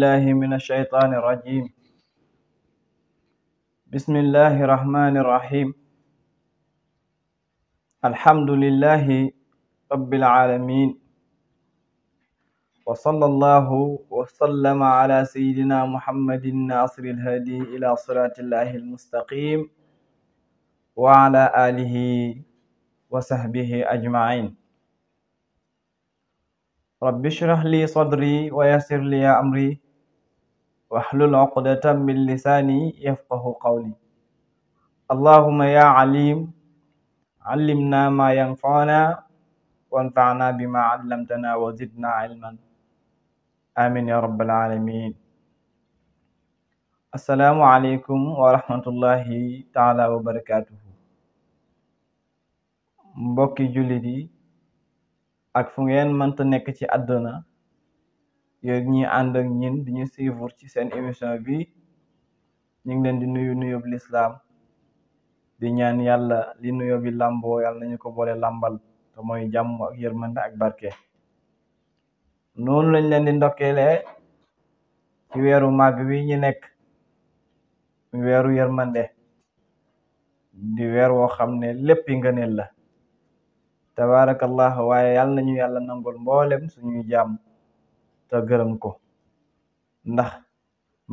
بالله من الشيطان الرجيم بسم الله الرحمن الرحيم الحمد لله رب العالمين وصلى الله وسلم على سيدنا محمد الناصر الهادي إلى صراط الله المستقيم وعلى آله وصحبه أجمعين رب اشرح لي صدري ويسر لي أمري واحلل عقدة من لساني يفقه قولي اللهم يا عليم علمنا ما ينفعنا وانفعنا بما علمتنا وزدنا علما آمين يا رب العالمين السلام عليكم ورحمة الله تعالى وبركاته mbokki jullit yi ak fu ngeen mënta nekk ci àdduna yéen ñi ànd ak ñin di ñu suivre ci seen émission bi ñu ngi leen di nuyu nuyób lislaam di ñaan yàlla li nuyo bi làmboo yàlla nañu ko boole làmbal te mooy jàmm ak yërmande ak barke noonu lañ leen di ndokkeelee ci weeru màgg wi ñu nekk weeru yërmande di weer woo xam ne lépp yi ngëneel la waaye yàlla nañu yàlla nangul mboolem suñuy jàmm te gërëm ko ndax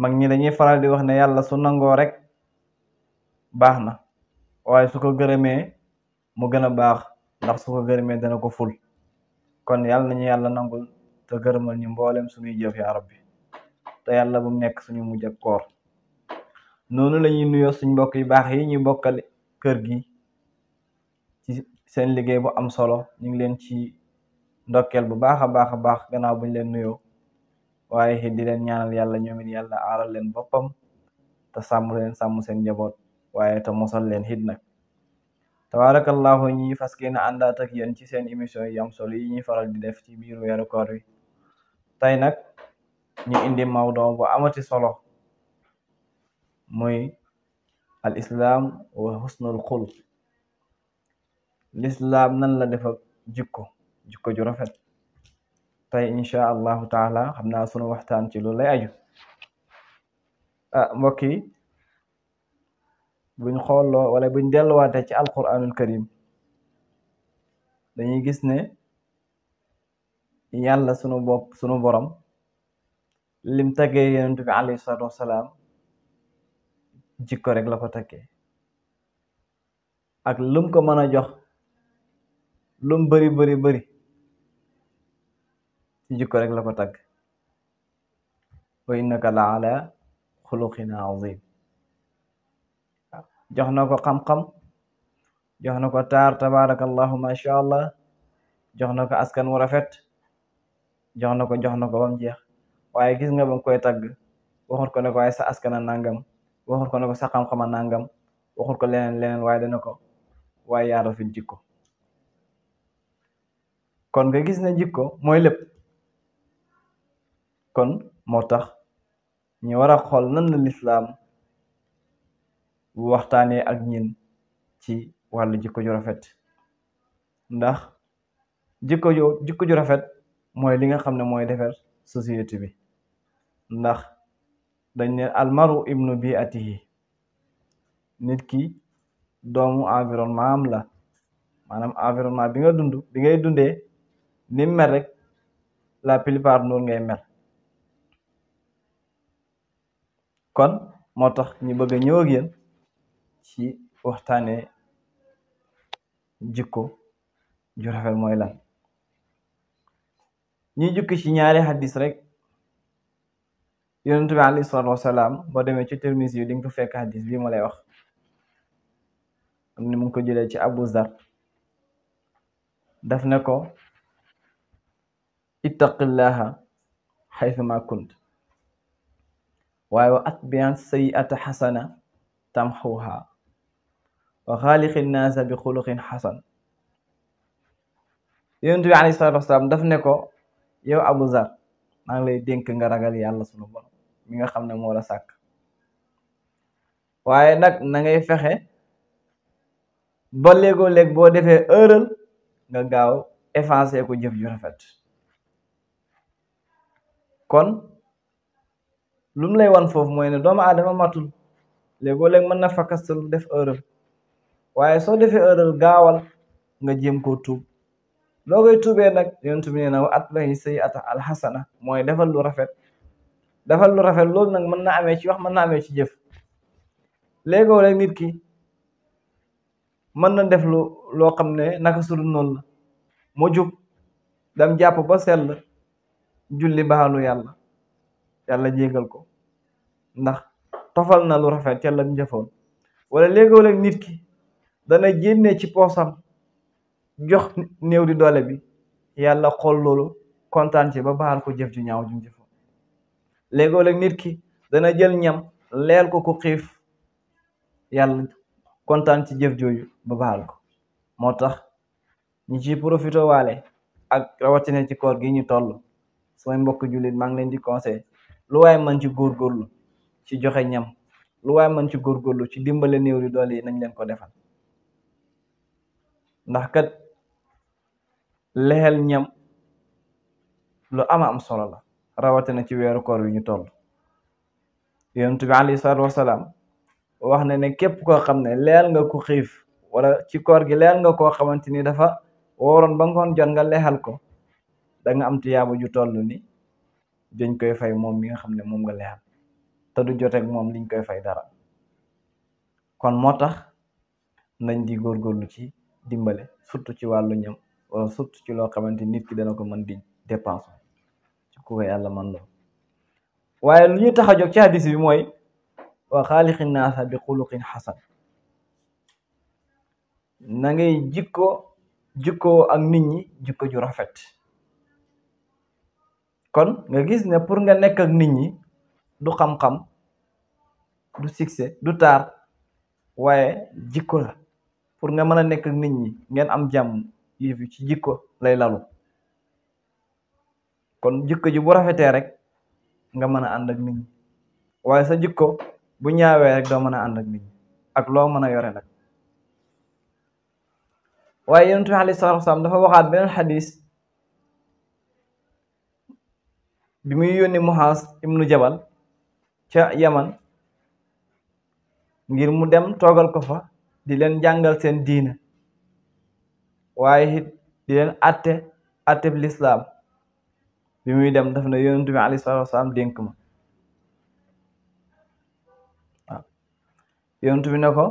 mag ñi dañuy faral di wax ne yàlla su nangoo rek baax na waaye su ko gërëmee mu gën a baax ndax su ko gërëmee dana ko ful kon yàlla nañu yàlla nangu te gërëmal ñu mboolem suñuy jëf yaa rabbi te yàlla bu nekk suñu mujj ak koor noonu lañuy nuyoo suñ mbokk yu baax yi ñuy bokkal kër gi ci seen liggéey bu am solo ñu ngi leen ci ndokkeel bu baax a baax a baax gannaaw buñ leen nuyoo waaye di leen ñaanal yàlla ñoom it yàlla aaral leen boppam te sàmm leen sàmm seen njaboot waaye te mosal leen hit nag tabarakallahu ñi fas yéene àndaat ak yéen ci seen émission yi sol yi ñuy faral di def ci biiru weeru koor wi tey nag ñu indi mawdo bu amati solo moy al islam wa husnul xulq l'islam nan la def ak jikko jikko ju rafet tey incha allahu taala xam naa sunu waxtaan ci lu lay aju ah mbokk yi buñ xooloo wala buñ delluwaatee ci alquranul karim dañuy gis ne yàlla sunu bopp sunu borom lim taggee yonent bi alayhi salaatu wasalaam jikko rek la ko taggee ak lum ko mën a jox lum bari bari bari ci jikko rek la ko tagg wa innaka la ala xuluqin azim jox na ko xam-xam jox na ko taar tabarakallahu masha allah jox na ko askan wu rafet jox na ko jox na ko bam jeex waaye gis nga bam koy tagg waxut ko ne ko waaye sa askana nangam waxut ko ne ko sa xam-xama nangam waxut ko leneen leneen waaye dana ko waaye yaa rafet jikko kon nga gis ne jikko mooy lépp kon moo tax ñu war a xool nan la lislaam waxtaanee ak ñin ci wàllu jikko ju rafet ndax jikko ju jikko ju rafet mooy li nga xam ne mooy defar société bi ndax dañ ne almaru ibnu biatihi nit ki doomu environnement am la maanaam environnement bi nga dund bi ngay dundee ni mel rek la plupart noonu ngay mer kon moo tax ñu bëgg a ñëw ak ci waxtaanee jikko ju rafet mooy lan ñi jukki ci ñaari xadis rek yonent bi alayhi salaatu wasalaam boo demee ci Tirmisi yu di nga ko fekk xadis bii ma lay wax am ni mu ko jëlee ci Abu Zar daf ne ko ittaqillaha xaytuma kunt waaye wa atbian sayiata xasana tamxuha wa xaaliqi naasa bi xuluqin xasan yonent bi alayhi salaatu wasalaam daf ne ko yow Abu Zar maa ngi lay dénk nga ragal yàlla sunu borom mi nga xam ne moo sàkk waaye nag na ngay fexe ba léegoo léeg boo defee erreur nga gaaw effacer ko jëf ju rafet kon lu mu lay wan foofu mooy ne doomu aadama matul léegoo léeg mën na fakkastalu def erreur waaye soo defee erreur gaawal nga jéem ko tuub loo koy tuubee nag yonent bi ne na at wa atbahi sayyi'ata alxasana mooy defal lu rafet defal lu rafet loolu nag mën na amee ci wax mën na amee ci jëf léegoo léeg nit ki mën na def lu loo xam ne naka sulu noonu la mu jub dam jàpp ba sell julli baalu yàlla yàlla jégal ko ndax tofal na lu rafet yàlla mu jëfoon wala léegoo nit ki dana génne ci poosam jox néew di doole bi yàlla xool loolu kontaan ci ba baal ko jëf ju ñaaw ju mu jëfoon léegoo nit ki dana jël ñam leel ko ku xiif yàlla kontaan ci jëf jooju ba baal ko moo tax ñu ci profito waale ak rawatina ci koor gi ñu toll sooy mbokk jullit maa ngi leen di conseil lu waaye mën ci góorgóorlu ci joxe ñam lu waaye mën ci góorgóorlu ci dimbale néew di doole yi nañ leen ko defal ndax kat lexel ñam lu ama am solo la rawatina ci weeru koor yu ñu toll yonent bi alayhi salaatu wasalaam wax na ne képp koo xam ne leel nga ku xiif wala ci koor gi leel nga koo xamante ni dafa woroon ba ngoon jot nga lexal ko danga nga am tiyaabu ju tollu ni dañ koy fay moom mi nga xam ne moom nga leexal te du joteeg moom liñ koy fay dara kon moo tax nañ di góorgóorlu ci dimbale surtout ci wàllu ñam surtout ci loo xamante nit ki dana ko mën di dépense ci ku ko yàlla man waaye lu ñu tax a jóg ci bi mooy wa xaaliqi naasa bi xuluqin xasan na ngay jikko jikkoo ak nit ñi jikko ju rafet kon nga gis ne pour nga nekk ak nit ñi du xam-xam du succès du taar waaye jikko la pour nga mën a nekk ak nit ñi ngeen am jàmm yëf yi ci jikko lay lalu kon jikko ji bu rafetee rek nga mën a ànd ak nit ñi waaye sa jikko bu ñaawee rek doo mën a ànd ak nit ñi ak loo mën a yore nag waaye yonent bi alayhi salaatu wa dafa waxaat beneen xadis bi muy yónni Muhaas ibnu Jabal ca Yaman ngir mu dem toogal ko fa di leen jàngal seen diina waaye it di leen atte atte bi lislaam bi muy dem daf na yonentu bi alayhi salaatu wasalaam dénk ma waaw ko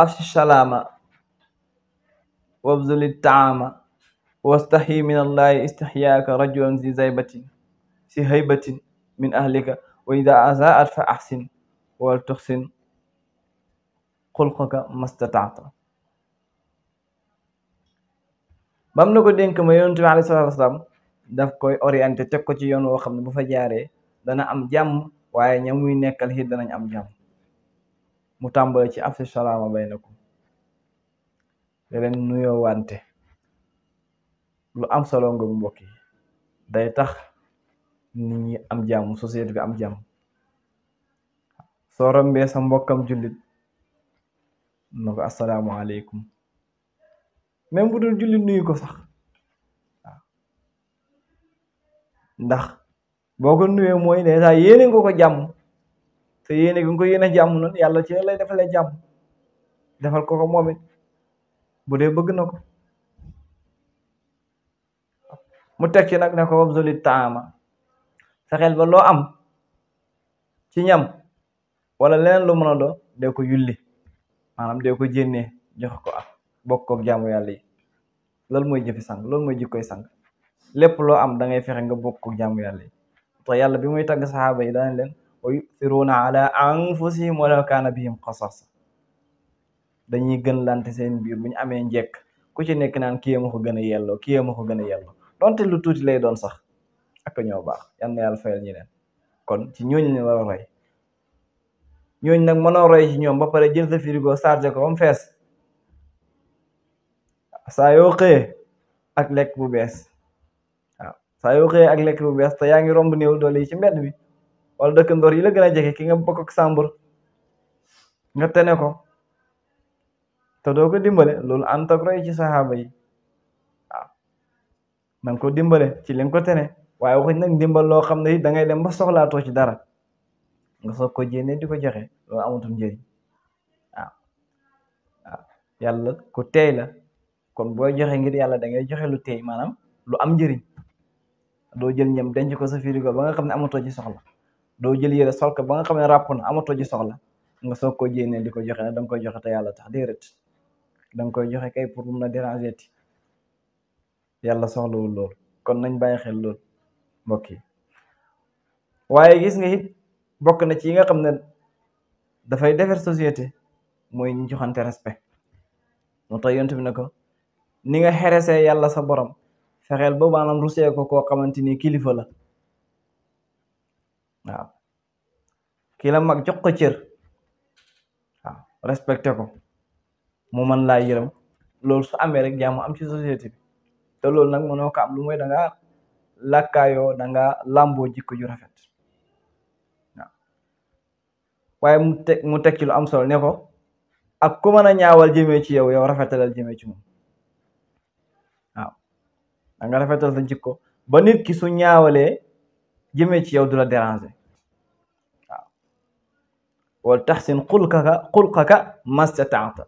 afshi salaama wabzuli taama wastahi min allahi istihyaaka rajulan zi zaybatin si haybatin min ahlika wa ida asaat fa ahsin wal tuxsin xulqaka mastataata bam na ko dénk ma yonent bi alayhi daf koy orienté teg ko ci yoon woo xam ne bu fa jaaree dana am jàmm waaye ña muy nekkal xit danañ am jam mu tàmbale ci afsi salaama baynakum leen nuyoo wante lu am solo nga mbokk yi day tax nit ñi am jàmm société bi am jàmm soo rombee sa mbokkam jullit na ko asalaamaaleykum même bu dul jullit nuyu ko sax ndax boo ko nuyee mooy ne saa yéene nga ko jàmm te yéene nga ko yéene jàmm yàlla ci lay defale jàmm defal ko ko moom bu dee bëgg na ko mu tek ci nag ne ko wabzoli taama fexeel ba loo am ci ñam wala leneen lu mën a doon dee ko yulli maanaam dee ko jénnee jox ko ak bokkok kook jaamu yàlla yi loolu mooy jëfi sang lool mooy jikkoy sang lépp loo am da ngay fexe nga bokk kook jaamu yàlla yi yàlla bi muy tagg saxaaba yi daan leen wa yu'thiruuna ala anfusihim walaw kaana bihim xasaasa dañuy gën lante seen biir bu ñu amee njekk ku ci nekk naan ki ma ko gën a yelloo kiyee ma ko gën a yelloo donte lu tuuti lay doon sax ñoo baax yan na yàlla fayal kon ci ñooñu la war roy ñooñu nag mënoo ci ñoom ba pare jël sa frigo chargé ko ba fees saa yoo xëyee ak lekk bu bees waaw saa yoo xëyee ak lekk bu bees te yaa ngi romb néew doole yi ci mbedd bi wala dëkkandoor yi la gën a ki nga bokk ak nga tene ko te doo ko dimbale loolu ànd ak roy ci saxaaba yi waaw na dimbale ci li tene waaye waxuñ nag ndimbal loo xam ne da ngay dem ba soxlaatoo ci dara nga soog ko jénne di ko joxe loolu amatul njëriñ waaw yàlla ku teey la kon booy joxe ngir yàlla da ngay joxe lu teey maanaam lu am njëriñ doo jël ñam denc ko sa frigo ba nga xam ne amatoo ci soxla doo jël yére sol ko ba nga xam ne ràpp na amatoo ci soxla nga soog ko jénne di ko joxe na da koy joxe te yàlla tax déedéet da koy joxe kay pour mun na déranger ti yàlla soxlawul loolu kon nañ bàyyi xel loolu mbokk yi waaye gis nga it bokk na ci yi nga xam ne dafay defar société mooy ñu joxante respect moo tax yonent bi na ko ni nga xeresee yàlla sa borom fexeel ba maanaam rusee ko koo xamante ni kilifa la waaw kii mag jox ko cër waaw ko mu mën laa yërëm loolu su amee rek jàmm am ci société bi te nag mënoo ko am lu mooy da làkkaayoo da nga làmboo jikko ju rafet waaw waaye mu teg ci lu am solo ne ko ak ku mën ñaawal jëmee ci yow yow rafetalal jëmee ci moom waaw da nga rafetal sa jikko ba nit ki su ñaawalee jëmee ci yow du la déranger waaw wal taxsin xulqaka xulqaka mastataata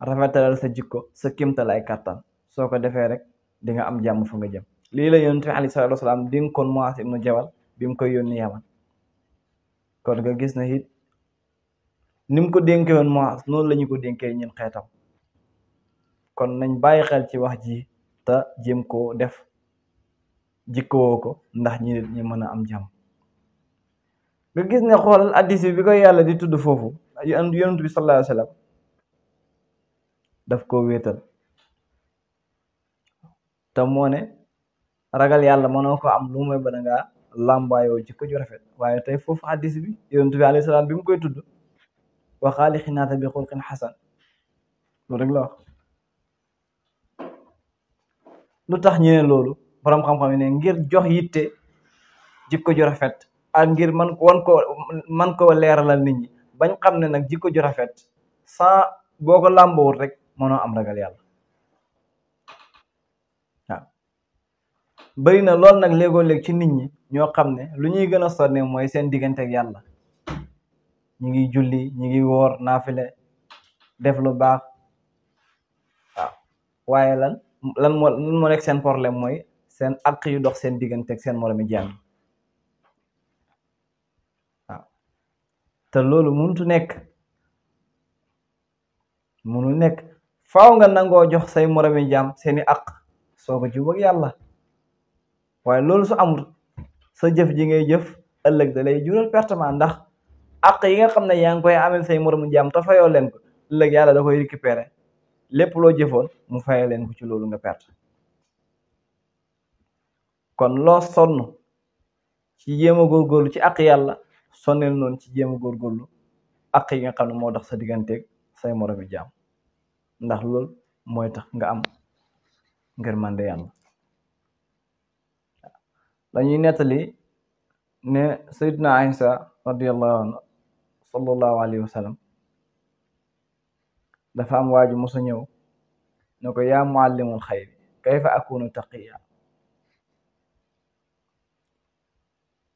rafetalal sa jikko sa kimtal ay kàttan soo ko defee rek dinga am jàmm fu nga jëm lii la yonent bi aleyhi salaatu wa salaam dénkoon Muaaz ibnu Jabal bi mu koy yónni Yaman kon nga gis na it ni ko dénkee woon Muaaz noonu la ko dénkee ñun xeetam kon nañ bàyyi xel ci wax ji te jéem koo def jikkowoo ko ndax ñi mën a am jàmm nga gis ne xoolal hadiis bi bi yàlla di tudd foofu yonent bi sallallaahu wa sallam daf koo wéetal te moo ne ragal yàlla mënoo ko am lu mooy ba ngaa làmbaayoo jikko ju rafet waaye tey foofu hadis bi yonent bi alayhi salaam bi mu koy tudd wa xaaliqi naasa bi xulqin xasan loolu lu tax ñu loolu borom xam-xam yi ne ngir jox yitte jikko ju rafet ak ngir man wan ko man ko leeralal nit ñi bañ xam ne nag jikko ju rafet sans boo ko làmbawut rek mënoo am ragal yàlla bëri na lool nag léegoo léeg ci nit ñi ñoo xam ne lu ñuy gën a sonne mooy seen diggante ak yàlla ñu ngi julli ñu ngi woor naafile def lu baax waaye lan lan moo nekk seen problème mooy seen àq yu dox seen diggante seen moroomi jaam waaw te loolu mënutu nekk mënul nekk faaw nga nangoo jox say moroomi jaam seeni àq soo ko jubóog yàlla waaye loolu su amul sa jëf ji ngay jëf ëllëg da lay jural pertement ndax ak yi nga xam ne yaa ngi koy amel say moromu jaam te fayoo leen ko ëllëg yàlla da koy récupéré lépp loo jëfoon mu fayee leen ko ci loolu nga perte kon loo sonn ci jéem a góorgóorlu ci àq yàlla sonnel noonu ci jéem a góorgóorlu àq yi nga xam ne moo tax sa digganteeg say moromu jaam ndax lool mooy tax nga am ngërmande yàlla dañuy nettali ne sayidna Aïsa radiallahu dafa am waaju musa ñëw ne ko yaa muallimul xayri kayfa akunu taqiya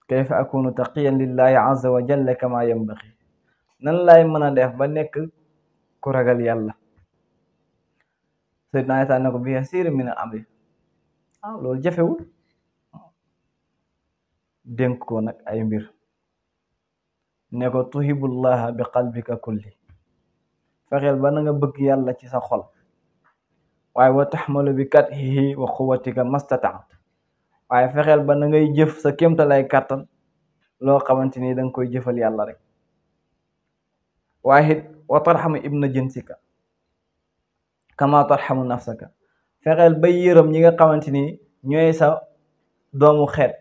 kayfa akunu taqiyan lillahi azza wa jalla kama yanbaghi mën a def ba nekk ku ragal yàlla sayidna Aïsa ko bi yasirin min amri ah loolu dénk ko nag ay mbir ne ko tuhibullaha bi qalbika kulli fexeel ba nanga nga bëgg yàlla ci sa xol waaye wa taxmalu bi kathihi wa quwatika mastataat waaye fexeel ba na ngay jëf sa kéemtalay kàttan loo xamante ni danga koy jëfal yàlla rek waaye it wa tarxamu ibna jinsika kama tarxamu nafsaka fexeel ba yërëm ñi nga xamante ni ñooy sa doomu xeet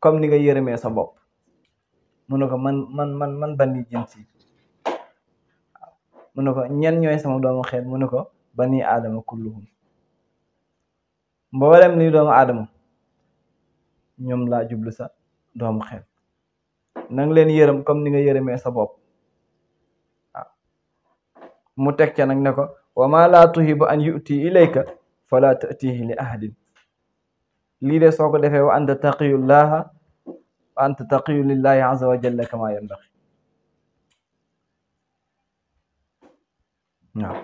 comme ni nga yërëmee sa bopp mu ne ko man man man man bani jins mu ne ko ñen ñooy sama doomu xeet mu ne ko bani aadama kulluhum mboolem ni doomu aadama ñoom laa jublu sa doomu xeet nang leen yërëm comme ni nga yërëmee sa bopp waaw mu teg ca nag ne ko wa ma laa tuhibu an yu'ti ilayka fala tatihi li ahadin lii de soo ko defee wa anta taqiyullaha wa anta taqiyu lillahi azza wa jalla kama yanbaghi waaw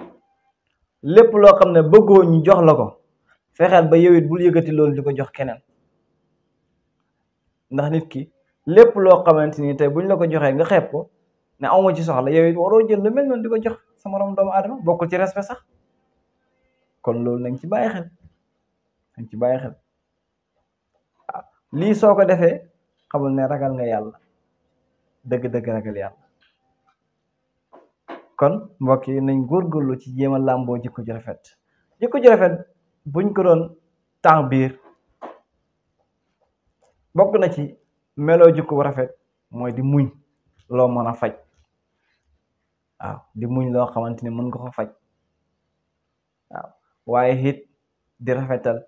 lépp loo xam ne bëggoo ñu jox la ko fexeel ba yow it bul yëkkati loolu di ko jox keneen ndax nit ki lépp loo xamante ni tey buñ la ko joxee nga xeeb ko ne awma ci soxla yow waroo jël lu mel noon di ko jox sa moroom doomu aadama bokkul ci respect sax kon loolu nañ ci bàyyi xel nañ ci bàyyi xel lii soo ko defee xamul ne ragal nga yàlla dëgg-dëgg ragal yàlla kon mbokk yi nañ góorgóorlu ci jéem a làmboo jikko ju rafet jikko ju rafet buñ ko doon temps biir bokk na ci meloo jikko rafet mooy di muñ loo mën a faj waaw di muñ loo xamante ni mën nga ko faj waaye it di rafetal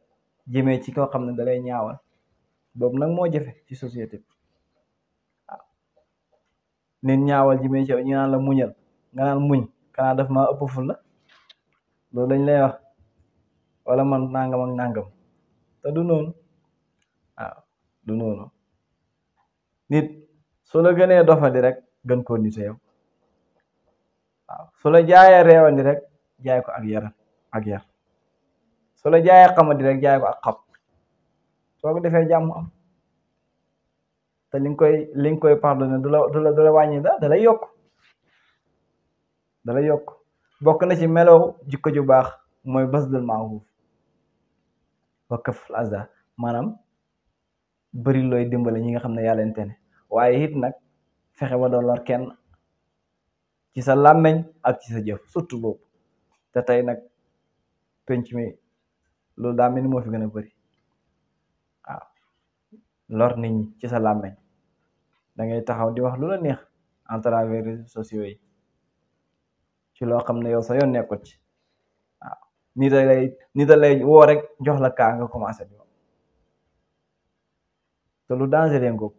jëmee ci koo xam ne dalay ñaawal boobu nag moo jafe ci société bi nit ñaawal ji may ci ñu naan la muñal nga naan muñ kanaa daf maa ëpp ful la loolu lañ lay wax wala man nangam nangam te du noonu waaw du noonu nit su la gënee dofadi rek gën koo nite yow jaayee reewandi rek jaay ko ak yar ak yar su la jaayee xamadi rek jaay ak xam soo ko defee jàmm am te li nga koy li koy pardonné du la du la wàññi da dalay yokk da yokk bokk na ci melow jikko ju baax mooy bas dal maaxuuf wa kaf aza maanaam bëri looy dimbale ñi nga xam ne yàllante ne waaye it nag fexe ba doon kenn ci sa làmmeñ ak ci sa jëf surtout boobu te tey nag penc mi loolu daa mel ni moo fi gën a bëri lor nit ñi ci sa làmmeñ da ngay taxaw di wax lu la neex en travers réseaux sociaux yi ci loo xam ne yow sa yoon nekkul ci waaw nii da lay nii da lay woo rek jox la kaa commencé di wax te lu dangereux ngoog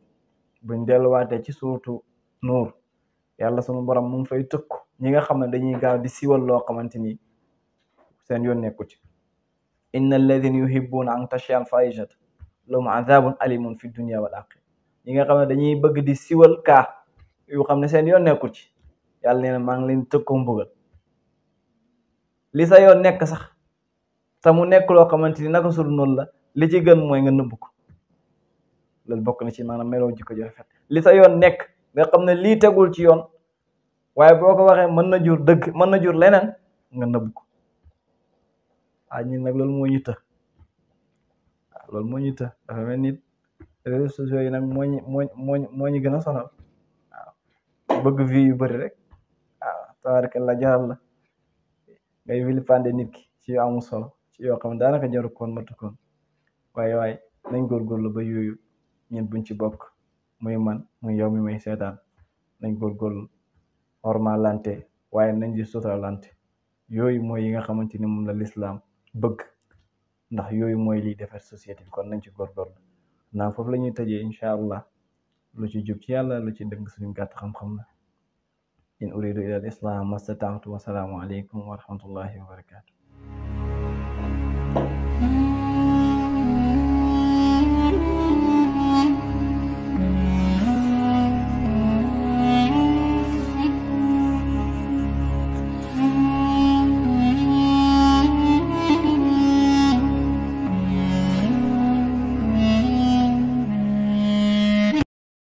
buñ delluwaatee ci suutu nuur yàlla sunu borom mu fay tëkk ñi nga xam ne dañuy gaaw di siwal loo xamante ni seen yoon nekkul ci inna alladina yuhibbuna an tashia al fahishat lahum azabun alimun fi dunia wal axira ñi nga xam ne dañuy bëgg di siwal kaa yu xam ne seen yoon nekkul ci yàlla nee na maa ngi leen tëkkoo mbugal li sa yoon nekk sax te mu nekk loo xamante ni naka sul la li ci gën mooy nga nëbb ko bokk na ci maanaam meloo jikko ju rafet li sa yoon nekk xam ne lii tegul ci yoon waaye boo ko waxee mën na jur dëgg mën na jur leneen nga nëbb ko a ñun nag loolu moo ñu të loolu moo ñu të dafa mel ni réseaux sociaux yi nag moo ñu moo ñu gën a sonal bëgg vie yu bëri rek waaw tabaraka la jaral la ngay vilipande nit ki ci yu amul solo ci yoo xam daanaka jaru koon matu koon waaye waaye nañ góorgóorlu ba yooyu ñun buñ ci bokk muy man muy yow mi may seetaan nañ góorgóorlu hormalante waaye nañ di sotalante yooyu mooy yi nga xamante ni moom la lislaam bëgg ndax yooyu mooy liy defar société bi kon nañ ci góorgóorlu naa foofu la ñuy tëjee incha allah lu ci jub ci yàlla lu ci dëng suñu gàtt xam-xam la in uridu ila al islam mastata'tu wasalaamu aleykum wa rahmatullahi wa barakatu